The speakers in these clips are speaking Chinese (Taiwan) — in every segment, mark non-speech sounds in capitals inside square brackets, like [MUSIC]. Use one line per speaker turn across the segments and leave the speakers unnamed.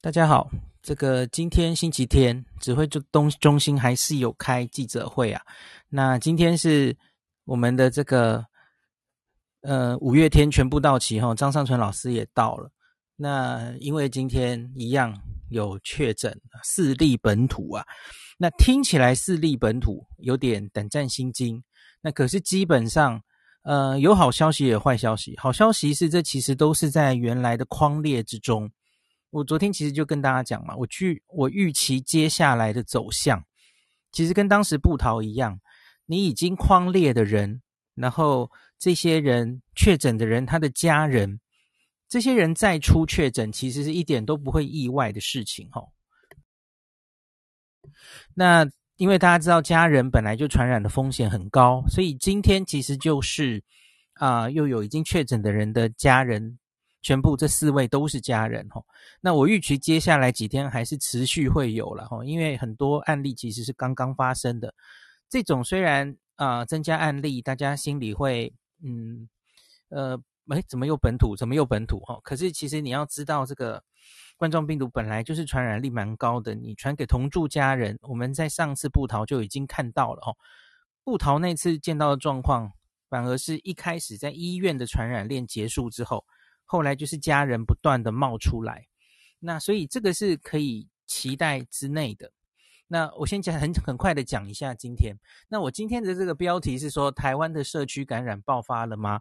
大家好，這個今天星期天，指揮中東中心還是有開記者會啊。那今天是我們的這個呃五月天全部到齊後，張上淳老師也到了。那因為今天一樣有確診四例本土啊，那聽起來四例本土有點膽戰心驚。那可是基本上，呃，有好消息有壞消息。好消息是，這其實都是在原來的匡列之中。我昨天其實就跟大家講嘛，我去，我預期接下來的走向，其實跟當時部桃一樣，你已經匡列的人，然後這些人確診的人，他的家人，這些人再出確診，其實是一點都不會意外的事情哈、哦。那因為大家知道，家人本來就傳染的風險很高，所以今天其實就是啊、呃，又有已經確診的人的家人。全部這四位都是家人哈、哦，那我預期接下來幾天還是持續會有了哈、哦，因為很多案例其實是剛剛發生的。這種雖然啊、呃、增加案例，大家心裡會嗯呃，哎怎麼又本土，怎麼又本土哈、哦？可是其實你要知道，這個冠狀病毒本來就是傳染力蠻高的，你傳給同住家人，我們在上次部桃就已經看到了哈，部桃那次見到的狀況，反而是一開始在醫院的傳染鏈結束之後。後來就是家人不斷的冒出來，那所以這個是可以期待之內的。那我先講很很快的講一下今天。那我今天的這個標題是說台灣的社區感染爆發了嗎？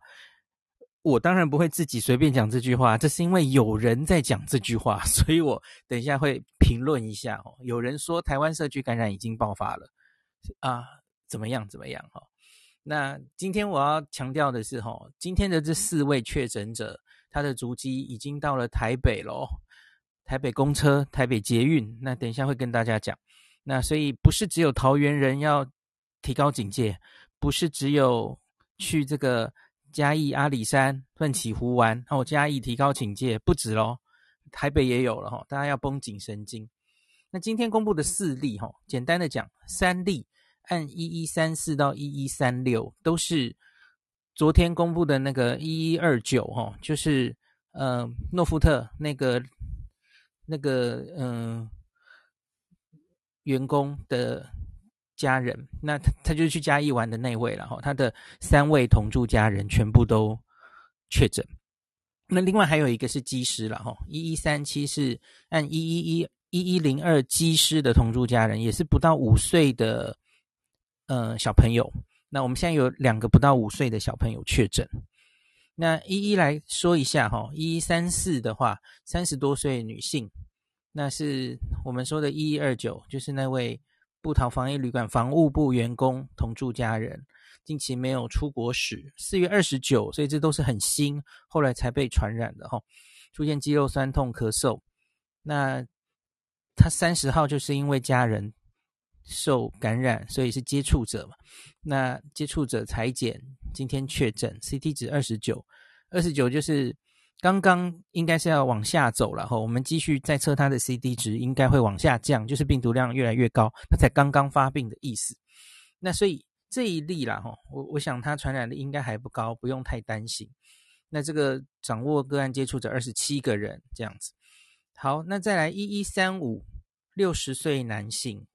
我當然不會自己隨便講這句話，這是因為有人在講這句話，所以我等一下會評論一下哦。有人說台灣社區感染已經爆發了啊，怎麼樣怎麼樣哈？那今天我要強調的是哈，今天的這四位確診者。他的足跡已經到了台北咯，台北公車、台北捷運，那等一下會跟大家講。那所以不是只有桃園人要提高警戒，不是只有去這個嘉義阿里山、奮起湖玩，哦，嘉義提高警戒不止咯，台北也有了哈，大家要繃緊神經。那今天公布的四例哈，簡單的講，三例按一一三四到一一三六都是。昨天公布的那個一一二九哈，就是呃諾富特那個那個嗯、呃呃、員工的家人，那他他就去嘉義玩的那位了哈、哦，他的三位同住家人全部都確診。那另外還有一個是機師了哈、哦，一一三七是案一一一一零二機師的同住家人，也是不到五歲的嗯、呃、小朋友。那我們現在有兩個不到五歲的小朋友確診，那一一來說一下哈、哦，一一三四的話，三十多歲女性，那是我們說的一一二九，就是那位部桃防疫旅館房務部員工同住家人，近期沒有出國史，四月二十九，所以這都是很新，後來才被傳染的哈、哦，出現肌肉酸痛、咳嗽，那他三十號就是因為家人。受感染，所以是接觸者嘛？那接觸者採檢，今天確診，C T 值二十九，二十九就是剛剛應該是要往下走了哈、哦。我們繼續再測他的 C T 值，應該會往下降，就是病毒量越來越高，他才剛剛發病的意思。那所以這一例啦哈，我我想他傳染的應該還不高，不用太擔心。那這個掌握個案接觸者二十七個人這樣子。好，那再來一一三五六十歲男性。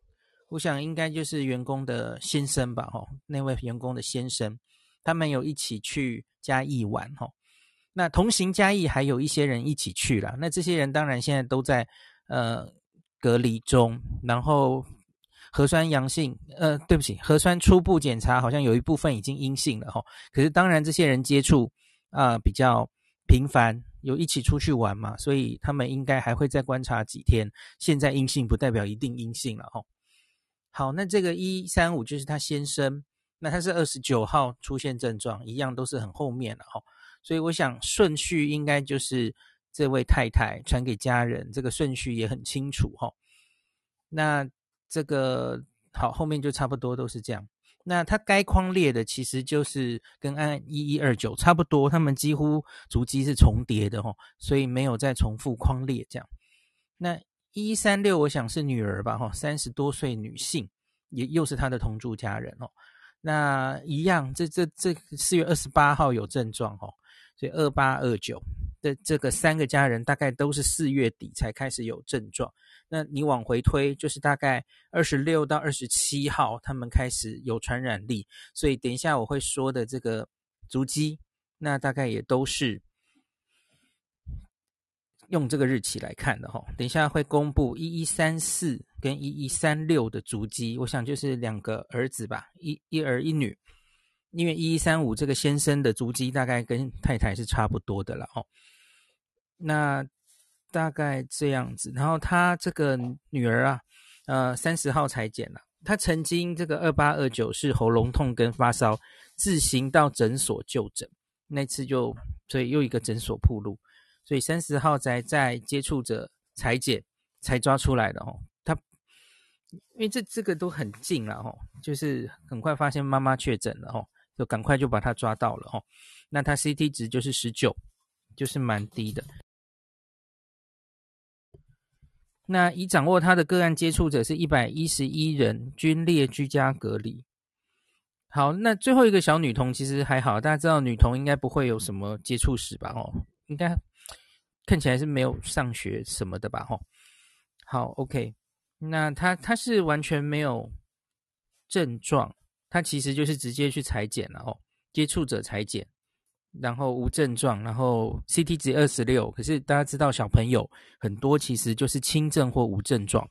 我想應該就是員工的先生吧，吼那位員工的先生，他們有一起去嘉義玩，吼那同行嘉義還有一些人一起去了，那這些人當然現在都在呃隔離中，然後核酸陽性，呃對不起，核酸初步檢查好像有一部分已經陰性了，吼可是當然這些人接觸啊、呃、比較頻繁，有一起出去玩嘛，所以他們應該還會再觀察幾天，現在陰性不代表一定陰性了，吼。好，那這個一三五就是他先生，那他是二十九號出現症狀，一樣都是很後面了哈、哦。所以我想順序應該就是這位太太傳給家人，這個順序也很清楚哈、哦。那這個好，後面就差不多都是這樣。那他該框列的其實就是跟按一一二九差不多，他們幾乎足跡是重疊的哈、哦，所以沒有再重複框列這樣。那一三六，我想是女兒吧，齁，三十多歲女性，也又是她的同住家人哦。那一樣，這這這四月二十八號有症狀哦，所以二八二九這這個三個家人，大概都是四月底才開始有症狀。那你往回推，就是大概二十六到二十七號，他們開始有傳染力。所以等一下我會說的這個足跡，那大概也都是。用這個日期來看的哈，等一下會公布一一三四跟一一三六的足迹，我想就是兩個兒子吧，一一兒一女，因為一一三五這個先生的足迹大概跟太太是差不多的了哦，那大概這樣子，然後他這個女兒啊，呃，三十號採檢了，她曾經這個二八二九是喉嚨痛跟發燒，自行到診所就診，那次就所以又一個診所曝露。所以三十號才在接觸者採檢，才抓出來的哦，他因為這這個都很近了哦，就是很快發現媽媽確診了哦，就趕快就把他抓到了哦。那他 C T 值就是十九，就是蠻低的。那已掌握他的個案接觸者是一百一十一人，均列居家隔離。好，那最後一個小女童其實還好，大家知道女童應該不會有什麼接觸史吧？哦，應該。看起來是沒有上學什麼的吧？吼，好，OK，那他他是完全沒有症狀，他其實就是直接去採檢了哦，接觸者採檢，然後無症狀，然後 CT 值二十六，可是大家知道小朋友很多其實就是輕症或無症狀，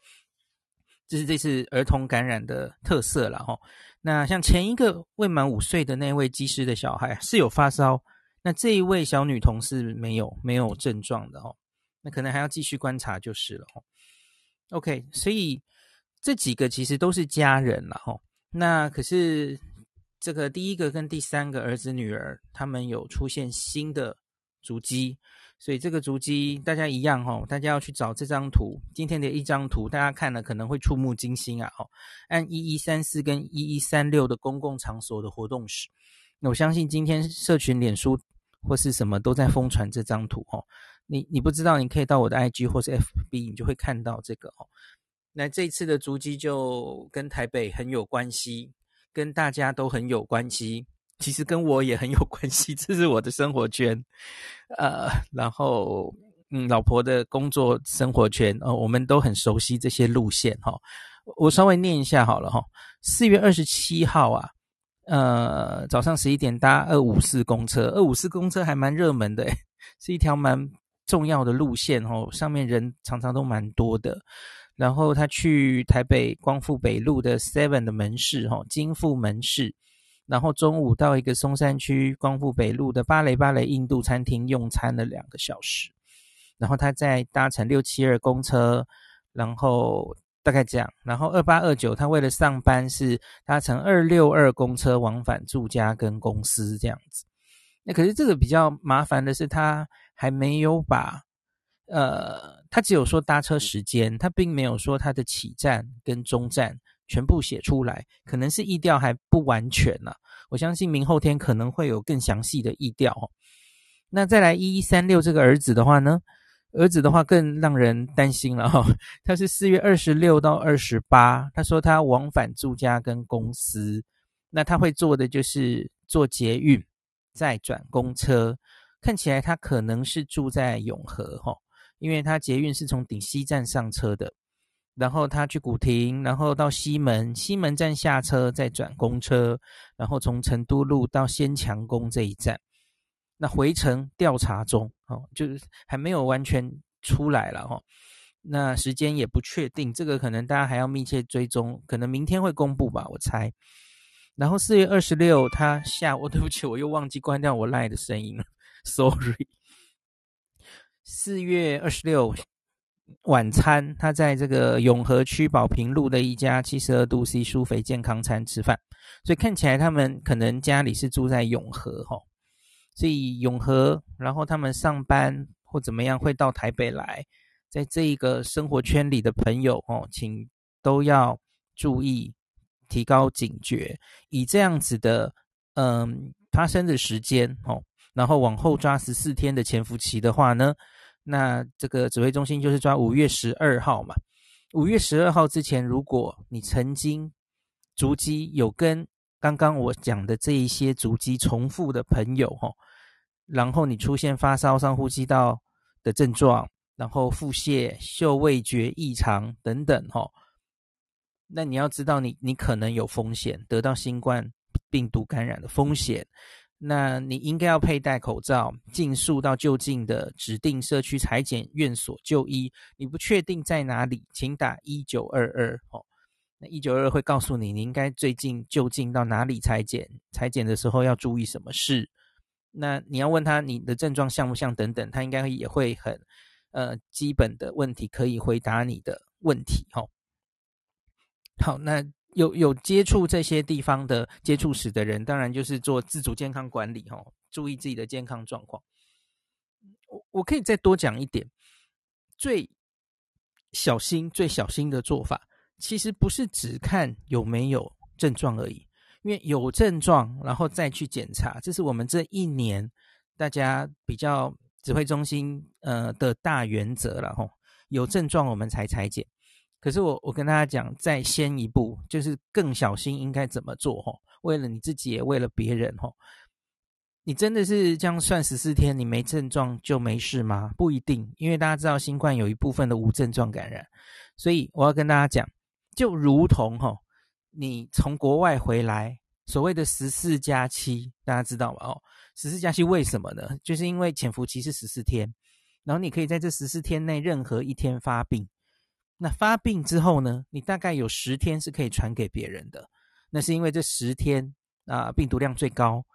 這是這次兒童感染的特色了哈。那像前一個未滿五歲的那位機師的小孩是有發燒。那這一位小女同事，沒有沒有症狀的哦，那可能還要繼續觀察就是了哦。OK，所以這幾個其實都是家人了哦。那可是這個第一個跟第三個兒子女兒，他們有出現新的足跡，所以這個足跡大家一樣哦，大家要去找這張圖，今天的一張圖，大家看了可能會觸目驚心啊哦。按一一三四跟一一三六的公共場所的活動史，那我相信今天社群臉書。或是什麼都在瘋傳這張圖哦，你你不知道，你可以到我的 IG 或是 FB，你就會看到這個哦。那這次的足迹就跟台北很有關係，跟大家都很有關係，其實跟我也很有關係。這是我的生活圈，呃，然後嗯，老婆的工作生活圈，呃，我們都很熟悉這些路線哈、哦。我稍微念一下好了哈、哦，四月二十七號啊。呃，早上十一點搭二五四公車，二五四公車還蠻熱門的，是一條蠻重要的路線哦，上面人常常都蠻多的。然後他去台北光復北路的 Seven 的門市、哦，哈，金富門市。然後中午到一個松山區光復北路的芭蕾芭蕾印度餐廳用餐了兩個小時，然後他再搭乘六七二公車，然後。大概這樣，然後二八二九，他為了上班是他乘二六二公車往返住家跟公司這樣子。那可是這個比較麻煩的是，他還沒有把，呃，他只有說搭車時間，他並沒有說他的起站跟終站全部寫出來，可能是疫調還不完全呢、啊。我相信明後天可能會有更詳細的疫調、哦。那再來一一三六這個兒子的話呢？兒子的話更讓人擔心了哈、哦，他是四月二十六到二十八，他說他往返住家跟公司，那他會做的就是坐捷運再轉公車，看起來他可能是住在永和哈、哦，因為他捷運是從頂溪站上車的，然後他去古亭，然後到西門，西門站下車再轉公車，然後從成都路到先強宮這一站，那回程調查中。哦，就是還沒有完全出來了哈、哦，那時間也不確定，這個可能大家還要密切追蹤，可能明天會公布吧，我猜。然後四月二十六他下午、哦、對不起，我又忘記關掉我賴的聲音了，sorry。四月二十六晚餐，他在這個永和區寶平路的一家七十二度 C 舒肥健康餐吃飯，所以看起來他們可能家裡是住在永和哈。哦所以永和，然後他們上班或怎麼樣會到台北來，在這一個生活圈裡的朋友哦，請都要注意，提高警覺。以這樣子的，嗯、呃，發生的時間哦，然後往後抓十四天的潛伏期的話呢，那這個指揮中心就是抓五月十二號嘛。五月十二號之前，如果你曾經足跡有跟。剛剛我講的這一些足跡重複的朋友哈、哦，然後你出現發燒、上呼吸道的症狀，然後腹瀉、嗅味覺異常等等哈、哦，那你要知道你你可能有風險得到新冠病毒感染的風險，那你應該要佩戴口罩，盡速到就近的指定社區採檢院所就醫。你不確定在哪裡，請打一九二二哦。那一九二二會告訴你，你應該最近就近到哪裡採檢，採檢的時候要注意什麼事。那你要問他你的症狀像不像等等，他應該也會很，呃，基本的問題可以回答你的問題、哦。哈，好，那有有接觸這些地方的接觸史的人，當然就是做自主健康管理、哦，哈，注意自己的健康狀況。我我可以再多講一點，最小心最小心的做法。其實不是只看有沒有症狀而已，因為有症狀然後再去檢查，這是我們這一年大家比較指揮中心呃的大原則了吼、哦。有症狀我們才採檢。可是我我跟大家講，再先一步就是更小心應該怎麼做吼、哦？為了你自己也為了別人吼、哦，你真的是這樣算十四天你沒症狀就沒事嗎？不一定，因為大家知道新冠有一部分的無症狀感染，所以我要跟大家講。就如同，吼，你從國外回來所，所謂的十四加七，大家知道嗎？哦，十四加七為什麼呢？就是因為潛伏期是十四天，然後你可以在這十四天內任何一天發病。那發病之後呢？你大概有十天是可以傳給別人的。那是因為這十天啊，病毒量最高。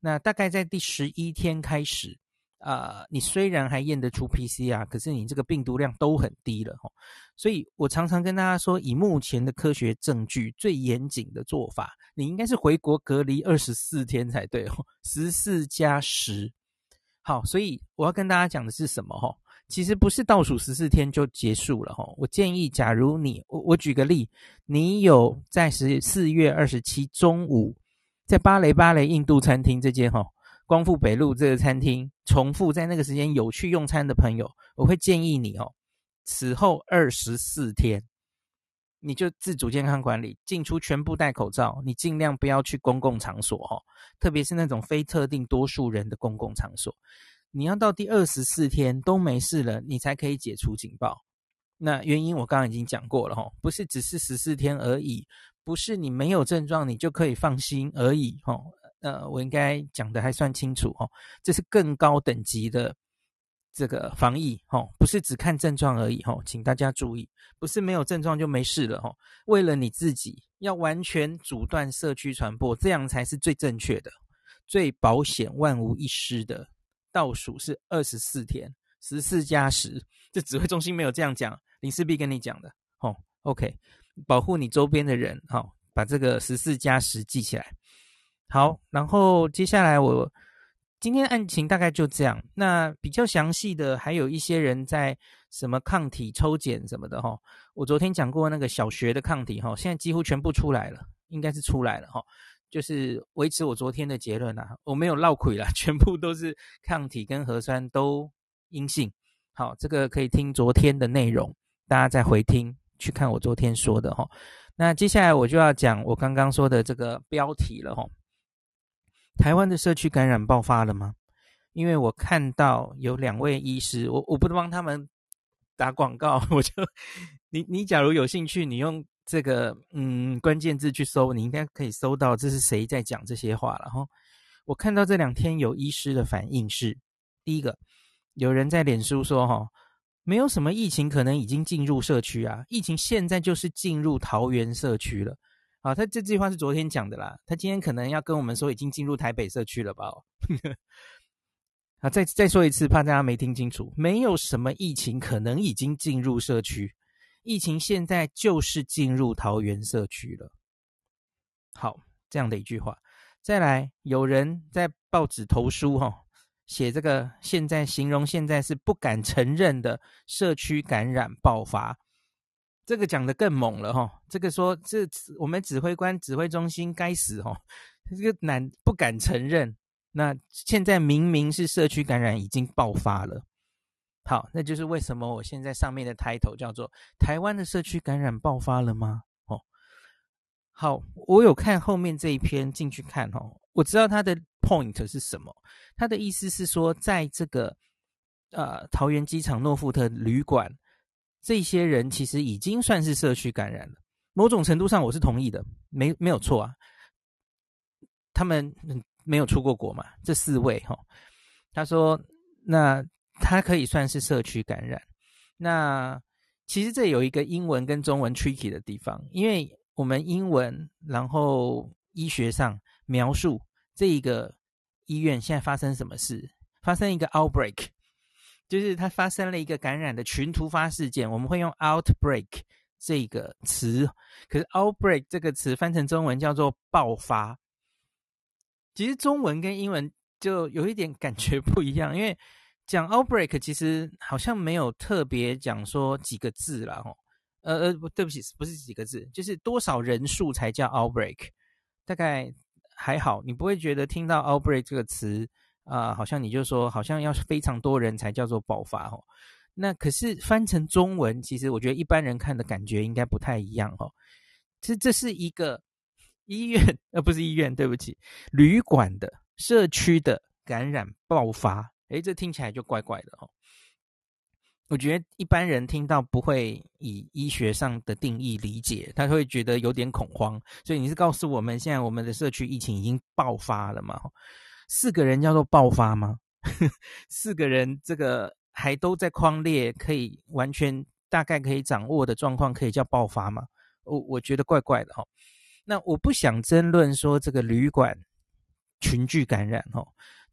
那大概在第十一天開始。啊、呃，你雖然還驗得出 PCR 啊，可是你這個病毒量都很低了。哦，所以我常常跟大家說，以目前的科學證據最嚴謹的做法，你應該是回國隔離二十四天才對哦，十四加十。好，所以我要跟大家講的是什麼？哦，其實不是倒數十四天就結束了。哦，我建議，假如你，我我舉個例，你有在十四月二十七中午在芭蕾芭蕾印度餐廳這間，哦光復北路這個餐廳，重複在那個時間有去用餐的朋友，我會建議你哦。此後二十四天，你就自主健康管理，進出全部戴口罩，你盡量不要去公共場所哦，特別是那種非特定多數人的公共場所。你要到第二十四天都沒事了，你才可以解除警報。那原因我剛剛已經講過了哦，不是只是十四天而已，不是你沒有症狀你就可以放心而已哦。呃，我應該講的還算清楚哦。這是更高等級的這個防疫哦，不是只看症狀而已哦。請大家注意，不是沒有症狀就沒事了哦。為了你自己，要完全阻斷社區傳播，這樣才是最正確的、最保險、萬無一失的。倒數是二十四天，十四加十。這指揮中心沒有這樣講，林氏璧跟你講的哦。OK，保護你周邊的人哦，把這個十四加十記起來。好，然後接下來我今天案情，大概就這樣。那比較詳細的，還有一些人在什麼抗體抽檢什麼的哈、哦。我昨天講過那個小學的抗體哈、哦，現在幾乎全部出來了，應該是出來了哈、哦。就是維持我昨天的結論啊，我沒有漏氣啦，全部都是抗體跟核酸都陰性。好，這個可以聽昨天的內容，大家再回聽去看我昨天說的哈、哦。那接下來我就要講我剛剛說的這個標題了哈、哦。台灣的社區感染爆發了嗎？因為我看到有兩位醫師，我我不能幫他們打廣告，我就你你假如有興趣，你用這個嗯關鍵字去搜，你應該可以搜到這是誰在講這些話了哈、哦。我看到這兩天有醫師的反應是，第一個有人在臉書說哈、哦，沒有什麼疫情，可能已經進入社區啊，疫情現在就是進入桃園社區了。好、哦，他這句話是昨天講的啦，他今天可能要跟我們說已經進入台北社區了吧？ [LAUGHS] 啊，再再說一次，怕大家沒聽清楚，沒有什麼疫情，可能已經進入社區，疫情現在就是進入桃園社區了。好，這樣的一句話，再來，有人在報紙投書哈、哦，寫這個現在形容現在是不敢承認的社區感染爆發。這個講得更猛了哈、哦，這個說這我們指揮官指揮中心該死哦，這個男不敢承認。那現在明明是社區感染已經爆發了，好，那就是為什麼我現在上面的 title 叫做“台灣的社區感染爆發了嗎”？哦，好，我有看後面這一篇進去看哦，我知道他的 point 是什麼，他的意思是說，在這個呃桃園機場諾富特旅館。這些人其實已經算是社區感染了，某種程度上我是同意的，沒沒有錯啊。他們沒有出過國嘛？這四位哈、哦，他說，那他可以算是社區感染。那其實這有一個英文跟中文 tricky 的地方，因為我們英文然後醫學上描述這一個醫院現在發生什麼事，發生一個 outbreak。就是它發生了一個感染的群突發事件，我們會用 outbreak 這個詞。可是 outbreak 這個詞翻成中文叫做爆發。其實中文跟英文就有一點感覺不一樣，因為講 outbreak 其實好像沒有特別講說幾個字啦。哦。呃呃，不，對不起，不是幾個字，就是多少人數才叫 outbreak。大概還好，你不會覺得聽到 outbreak 這個詞。啊、呃，好像你就說，好像要非常多人才叫做爆發哦。那可是翻成中文，其實我覺得一般人看的感覺應該不太一樣哦。其實這是一個醫院，呃，不是醫院，對不起，旅館的社區的感染爆發。誒，這聽起來就怪怪的哦。我覺得一般人聽到不會以醫學上的定義理解，他會覺得有點恐慌。所以你是告訴我們，現在我們的社區疫情已經爆發了嘛？四個人叫做爆發嗎？ [LAUGHS] 四個人這個還都在匡列，可以完全大概可以掌握的狀況，可以叫爆發嗎？我我覺得怪怪的哈、哦。那我不想爭論說這個旅館群聚感染哈、哦，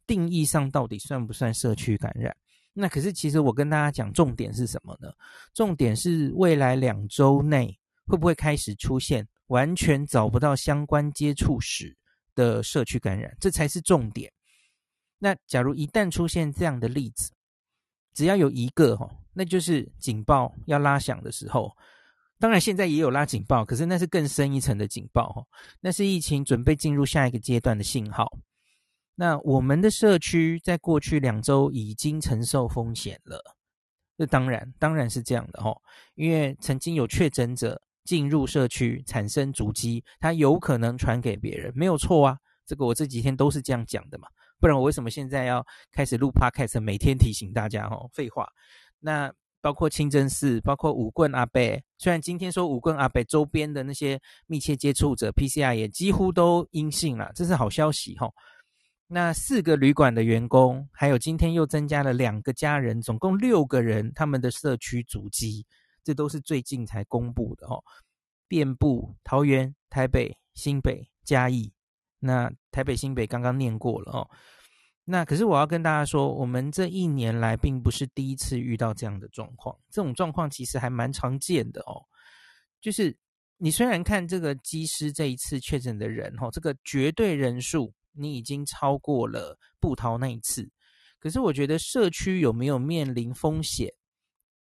定義上到底算不算社區感染？那可是其實我跟大家講重點是什麼呢？重點是未來兩周內會不會開始出現完全找不到相關接觸史的社區感染，這才是重點。那假如一旦出現這樣的例子，只要有一個哈，那就是警報要拉響的時候。當然，現在也有拉警報，可是那是更深一層的警報，那是疫情準備進入下一個階段的信號。那我們的社區在過去兩周已經承受風險了，這當然，當然是這樣的，因為曾經有確診者。進入社區產生足跡，它有可能傳給別人，沒有錯啊。這個我這幾天都是這樣講的嘛，不然我為什麼現在要開始錄 Podcast，每天提醒大家哦，廢話，那包括清真寺，包括舞棍阿伯。雖然今天說舞棍阿伯周邊的那些密切接觸者 PCR 也幾乎都陰性了，啊，這是好消息吼，哦。那四個旅館的員工，還有今天又增加了兩個家人，總共六個人，他們的社區足跡這都是最近才公布的哦，遍布桃園、台北、新北、嘉義。那台北、新北剛剛念過了哦。那可是我要跟大家說，我們這一年來並不是第一次遇到這樣的狀況，這種狀況其實還蠻常見的哦。就是你雖然看這個機師這一次確診的人哦，這個絕對人數你已經超過了部桃那一次，可是我覺得社區有沒有面臨風險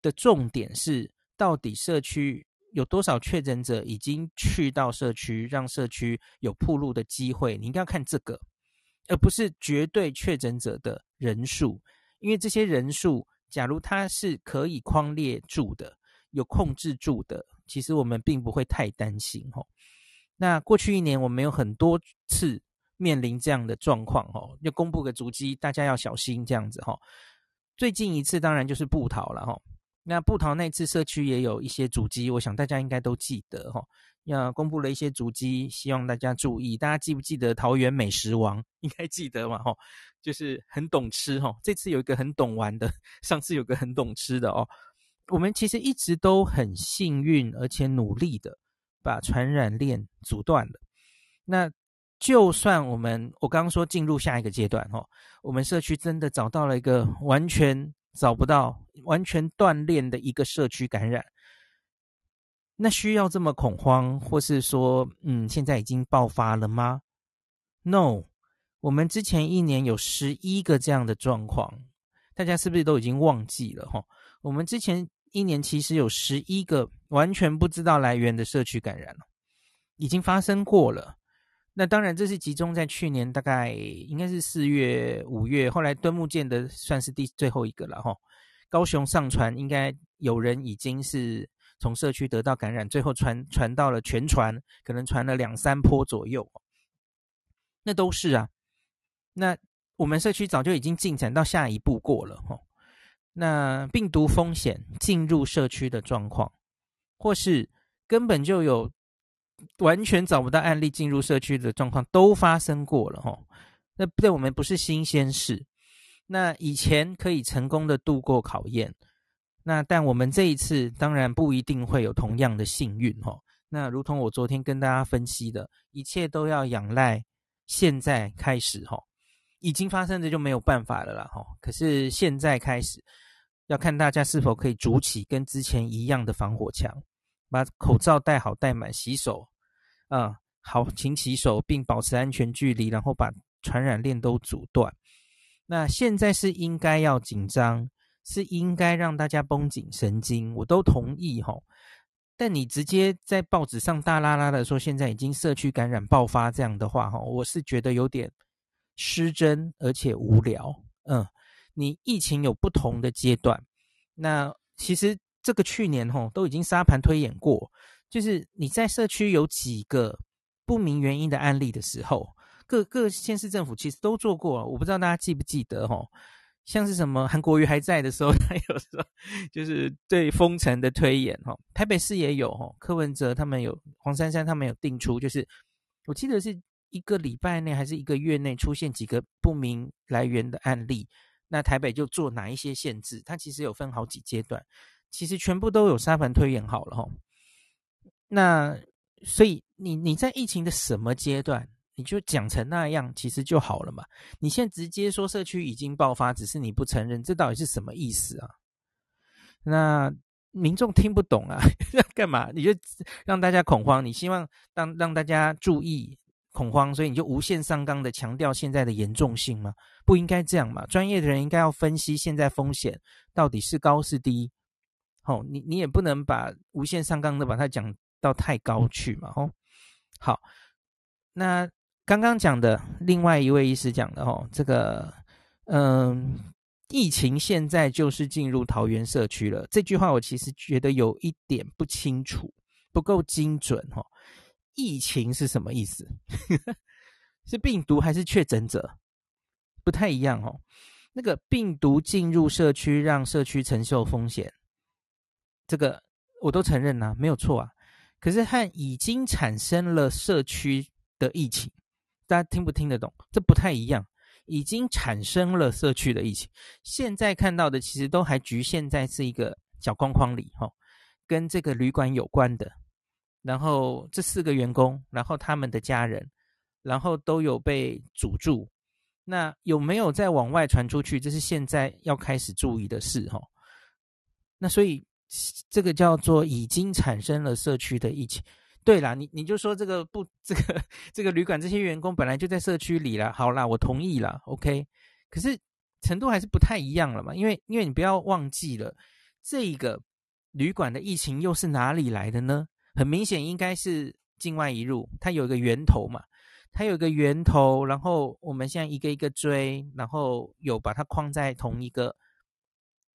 的重點是。到底社區有多少確診者已經去到社區，讓社區有暴露的機會？你應該要看這個，而不是絕對確診者的人數，因為這些人數，假如它是可以匡列住的、有控制住的，其實我們並不會太擔心哈、哦。那過去一年，我們有很多次面臨這樣的狀況哦，要公布個足跡，大家要小心這樣子哈、哦。最近一次當然就是部桃了哈、哦。那部桃那次社區也有一些足跡，我想大家應該都記得哈，那公布了一些足跡，希望大家注意。大家記不記得桃園美食王？應該記得嘛哈，就是很懂吃哈、哦。這次有一個很懂玩的，上次有一個很懂吃的哦。我們其實一直都很幸運，而且努力的把傳染鏈阻斷了。那就算我們，我剛剛說進入下一個階段哈、哦，我們社區真的找到了一個完全找不到。完全斷鏈的一個社區感染，那需要這麼恐慌，或是說，嗯，現在已經爆發了嗎？No，我們之前一年有十一個這樣的狀況，大家是不是都已經忘記了？哈，我們之前一年其實有十一個完全不知道來源的社區感染已經發生過了。那當然，這是集中在去年，大概應該是四月、五月，後來敦睦艦的算是第最後一個了，哈。高雄上船應該有人已經是從社區得到感染，最後傳傳到了全船，可能傳了兩三波左右。那都是啊，那我們社區早就已經進展到下一步過了吼、哦。那病毒風險進入社區的狀況，或是根本就有完全找不到案例進入社區的狀況，都發生過了吼、哦。那對我們不是新鮮事。那以前可以成功的度過考驗，那但我們這一次當然不一定會有同樣的幸運哦，那如同我昨天跟大家分析的，一切都要仰賴現在開始哦，已經發生的就沒有辦法了啦哈。可是現在開始，要看大家是否可以築起跟之前一樣的防火牆，把口罩戴好戴滿，洗手啊、呃,好勤洗手，並保持安全距離，然後把傳染鏈都阻斷。那現在是應該要緊張，是應該讓大家繃緊神經，我都同意哈。但你直接在報紙上大啦啦的說現在已經社區感染爆發這樣的話哈，我是覺得有點失真，而且無聊。嗯，你疫情有不同的階段，那其實這個去年哈都已經沙盤推演過，就是你在社區有幾個不明原因的案例的時候。各各縣市政府其實都做過啊，我不知道大家記不記得哦，像是什麼韓國瑜還在的時候，他有時候就是對封城的推演哦。台北市也有哦，柯文哲他們有，黃珊珊他們有定出，就是我記得是一個禮拜內還是一個月內出現幾個不明來源的案例，那台北就做哪一些限制？它其實有分好幾階段，其實全部都有沙盤推演好了哈。那所以你你在疫情的什麼階段？你就講成那樣，其實就好了嘛。你現在直接說社區已經爆發，只是你不承認，這到底是什麼意思啊？那民眾聽不懂啊，幹嘛？你就讓大家恐慌，你希望讓讓大家注意恐慌，所以你就無限上綱的強調現在的嚴重性嘛。不應該這樣嘛。專業的人應該要分析現在風險到底是高是低。好，哦，你你也不能把無限上綱的把它講到太高去嘛。哦，好，那。剛剛講的，另外一位醫師講的哦，這個嗯、呃，疫情現在就是進入桃園社區了。這句話我其實覺得有一點不清楚，不夠精準哦。疫情是什麼意思？ [LAUGHS] 是病毒還是確診者？不太一樣哦。那個病毒進入社區，讓社區承受風險，這個我都承認呐、啊，沒有錯啊。可是和已經產生了社區的疫情。大家聽不聽得懂？這不太一樣，已經產生了社區的疫情。現在看到的其實都還局限在是一個小框框裡，哈、哦，跟這個旅館有關的，然後這四個員工，然後他們的家人，然後都有被阻住。那有沒有再往外傳出去？這是現在要開始注意的事，哈、哦。那所以這個叫做已經產生了社區的疫情。對啦，你你就說這個不，這個這個旅館這些員工本來就在社區裡了。好啦，我同意了，OK。可是程度還是不太一樣了嘛，因為因為你不要忘記了，這個旅館的疫情又是哪裡來的呢？很明顯應該是境外移入，它有一個源頭嘛，它有一個源頭，然後我們現在一個一個追，然後有把它框在同一個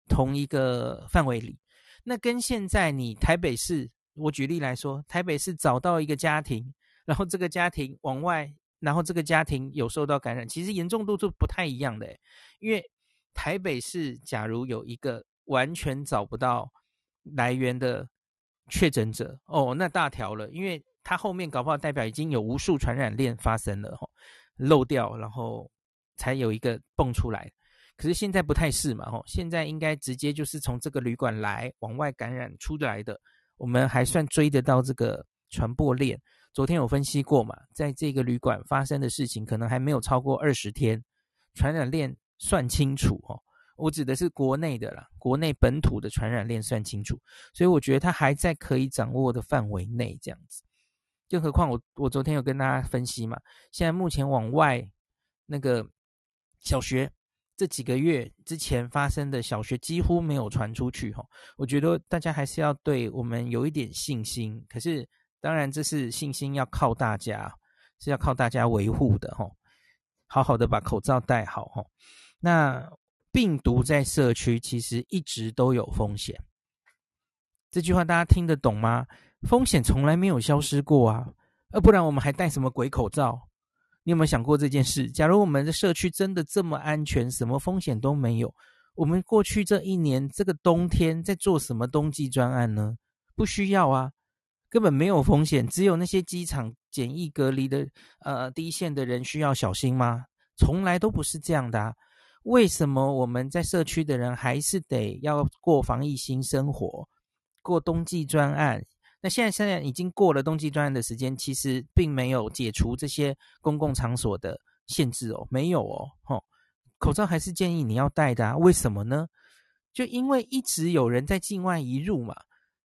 同一個範圍裡。那跟現在你台北市。我舉例來說，台北市找到一個家庭，然後這個家庭往外，然後這個家庭有受到感染，其實嚴重度就不太一樣的。因為台北市假如有一個完全找不到來源的確診者，哦，那大條了，因為他後面搞不好代表已經有無數傳染鏈發生了，漏掉，然後才有一個蹦出來。可是現在不太是嘛，哦，現在應該直接就是從這個旅館來，往外感染出來的。我們還算追得到這個傳播鏈。昨天有分析過嘛，在這個旅館發生的事情，可能還沒有超過二十天，傳染鏈算清楚哦。我指的是國內的啦，國內本土的傳染鏈算清楚，所以我覺得它還在可以掌握的範圍內，這樣子。更何況我我昨天有跟大家分析嘛，現在目前往外那個小學，這幾個月之前發生的小學幾乎沒有傳出去吼，我覺得大家還是要對我們有一點信心。可是當然，這是信心要靠大家，是要靠大家維護的吼。好好的把口罩戴好吼。那病毒在社區其實一直都有風險，這句話大家聽得懂嗎？風險從來沒有消失過啊，呃，不然我們還戴什麼鬼口罩？你有沒有想過這件事？假如我們的社區真的這麼安全，什麼風險都沒有，我們過去這一年這個冬天在做什麼冬季專案呢？不需要啊，根本沒有風險。只有那些機場檢疫隔離的呃第一線的人需要小心嗎？從來都不是這樣的啊。為什麼我們在社區的人還是得要過防疫新生活，過冬季專案？那現在現在已經過了冬季專案的時間，其實並沒有解除這些公共場所的限制哦，沒有哦，吼、哦，口罩還是建議你要戴的，啊。為什麼呢？就因為一直有人在境外移入嘛，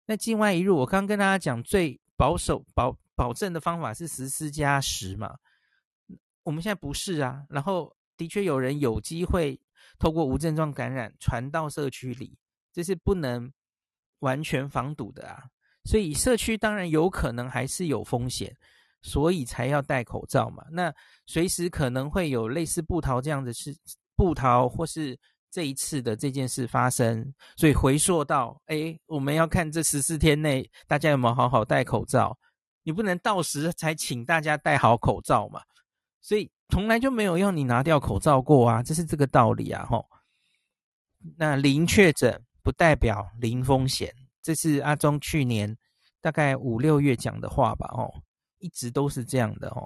那境外移入，我剛剛跟大家講，最保守保保證的方法是十四加十嘛，我們現在不是啊，然後的確有人有機會透過無症狀感染傳到社區裡，這是不能完全防堵的啊。所以社區當然有可能還是有風險，所以才要戴口罩嘛。那隨時可能會有類似部桃這樣子的事，部桃或是這一次的這件事發生。所以回溯到，哎，我們要看這十四天內大家有沒有好好戴口罩。你不能到時才請大家戴好口罩嘛。所以從來就沒有讓你拿掉口罩過啊，這是這個道理啊。吼，那零確診不代表零風險。這是阿中去年大概五六月講的話吧，哦，一直都是這樣的哦。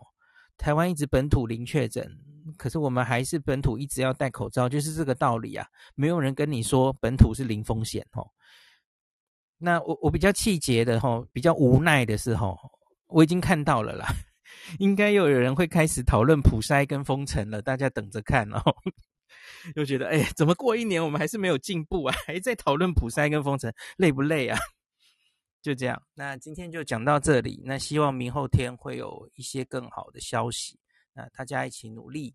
台灣一直本土零確診，可是我們還是本土一直要戴口罩，就是這個道理啊。沒有人跟你說本土是零風險哦。那我我比較氣結的吼、哦，比較無奈的是吼、哦，我已經看到了啦，應該又有人會開始討論普篩跟封城了，大家等着看哦。又覺得，哎、欸，怎麼過一年我們還是沒有進步啊？還在討論普篩跟封城，累不累啊？就這樣，那今天就講到這裡。那希望明後天會有一些更好的消息。那大家一起努力。